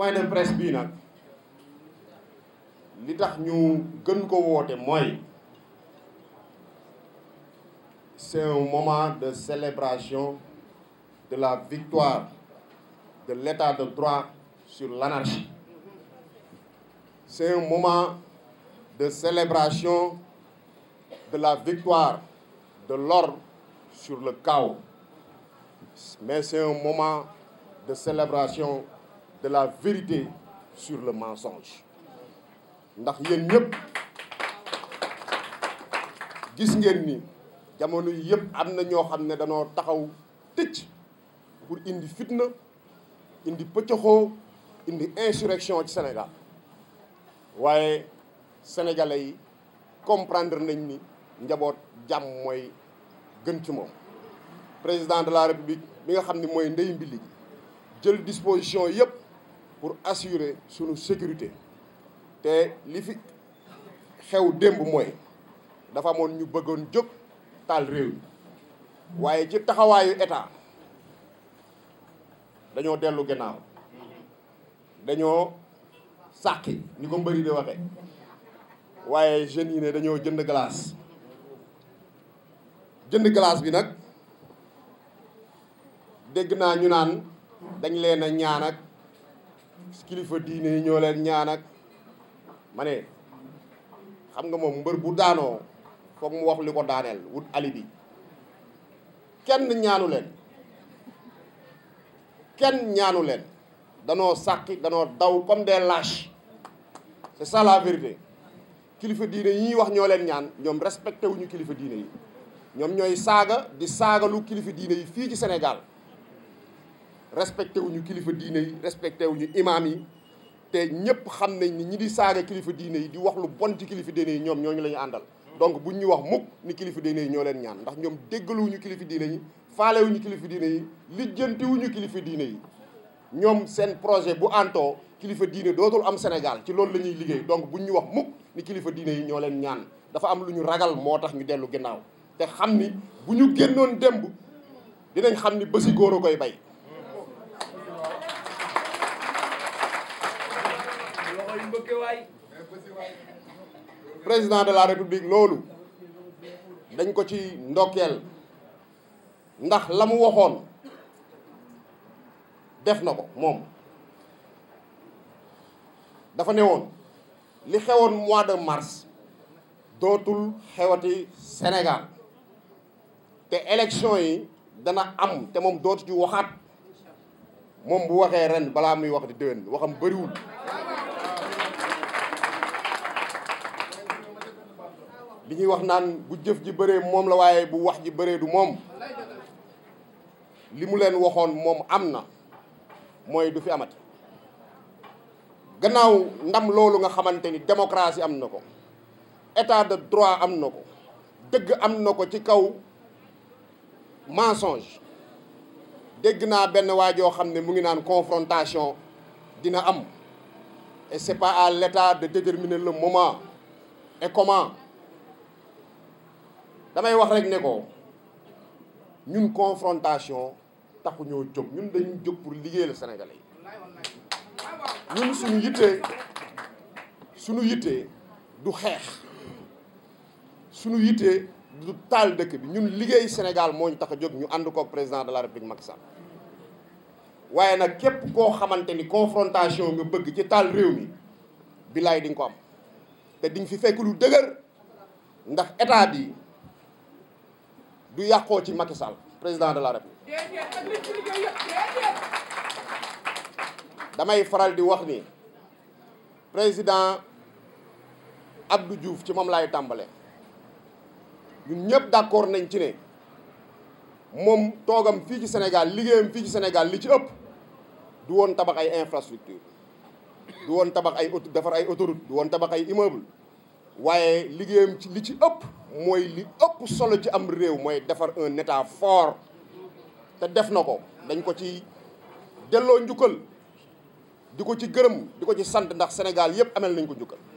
point de presse bii nag li tax ñu gën ko woote mooy c'est un moment de célébration de la victoire de l'état de droit sur l'anarchie c'est un moment de célébration de la victoire de l'ordre sur le chaos mais c'est un moment de célébration de la vérité sur le mensonge ndax yéen ñëpp gis ngeen ni jamono yi yëpp am na ñoo xam ne danoo taxaw tëcc pour indi fitna indi pëccëxoo indi insurection ci Sénégal waaye sénégalais yi comprendre nañ ni njaboot jàmm mooy gën ci moom président de la république bi nga xam ni mooy ndey mbili jël disposition yëpp pour assurer sunu sécurité te li fi xew démb mooy dafa amoon ñu bëggoon jóg taal réew mi waaye ci taxawaayu état dañoo dellu gannaaw dañoo sàqi ni ko mbëri di waxe waaye jeunes yi ne dañoo jënd glace jënd glace bi nag dégg naa ñu naan dañ leen a ñaan kilifa diine yi ñoo leen ñaan ak ma xam nga moom mbër bu daanoo foog mu wax li ko daaneel wut alibi kenn ñaanu leen kenn ñaanu leen danoo sàqi danoo daw comme des lâches c'est ça la vérité kilifa diine yi ñuy wax ñoo leen ñaan ñoom respecté wuñu kilifa diine yi ñoom ñooy saaga di saagalu kilifa diine yi fii ci Sénégal respecté wuñu kilifa diine yi respecté wuñu imaam yi te ñëpp xam nañ ni ñi di saaga kilifa diine yi di wax lu bon ci kilifa diine yi ñoom ñooñu la ñu àndal donc buñ ñu wax mukk kilifa diine yi ñoo leen ñaan ndax ñoom déggaluwuñu kilifa diine yi faalewuñu kilifa diine yi lijjantiwuñu diine ñoom seen projet bu antoo kilifa diine dootul am Sénégal ci loolu la liggéey donc buñ ñu wax mukk ni kilifa diine yi ñoo leen ñaan dafa am lu ñu ragal moo tax ñu dellu ginnaaw te xam ni bu ñu génnoon démb dinañ xam ni si góor a koy bay président de la république loolu dañ ko ci ndokkeel ndax la mu waxoon def na ko moom dafa ne woon li xewoon mois de mars dootul xewati Sénégal te élection yi dana am te moom dootu ci waxaat moom bu waxee ren balaa muy wax di déwén waxam bariwul li ñuy wax naan bu jëf ji bëree moom la waaye bu wax ji bëreedu moom li mu leen waxoon moom am na mooy du fi amati gannaaw ndam loolu nga xamante ni démocratie am na ko état de droit am na ko dëgg am na ko ci kaw mensonge dégg naa benn waa joo xam ne mu ngi naan confrontation dina am et c'est pas à l'état de déterminer le moment et comment damay wax rek ne ko ñun confrontation taxu ñoo jóg ñun dañu jóg pour liggéeyal Sénégalais yi ñun suñu yittee suñu yittee du xeex suñu yittee du taal dëkk bi ñun liggéey Sénégal moo ñu tax a jóg ñu ànd koog président de la République Macky Sall waaye nag képp koo xamante ni confrontation nga bëgg ci taal réew mi bilaay di ko am te di fi fekk lu dëgër ndax état bi du yàqoo ci Macky Sall président de la République damay faral di wax ni président Abdou Diouf ci moom laay tàmbale ñun ñëpp d'accord nañ ci ne moom toogam fii ci Sénégal liggéeyam fii ci Sénégal li ci ëpp du woon tabax ay infrastructure du woon tabax ay defar ay autoroute du woon tabax ay immeuble waaye liggéeyam ci li ci ëpp mooy li ëpp solo ci am réew mooy defar un état fort te def na ko dañ ko ci delloo njukkal di ko ci gërëm di ko ci sant ndax Sénégal yëpp amel nañ ko njukkal